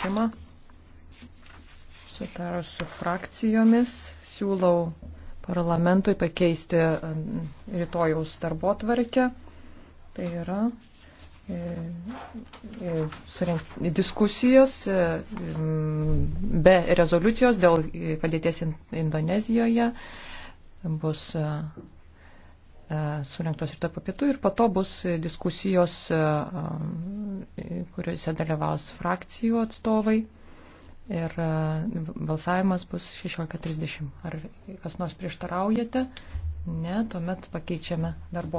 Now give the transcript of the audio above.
pranešimą. Sutarus su frakcijomis siūlau parlamentui pakeisti rytojaus darbo tvarkę. Tai yra e, e, surinkti diskusijos e, be rezoliucijos dėl padėties Indonezijoje bus E, surinktos ir to papietų ir po to bus diskusijos, e, e, kuriuose dalyvaus frakcijų atstovai ir balsavimas bus 16.30. Ar kas nors prieštaraujate? Ne, tuomet pakeičiame darbo.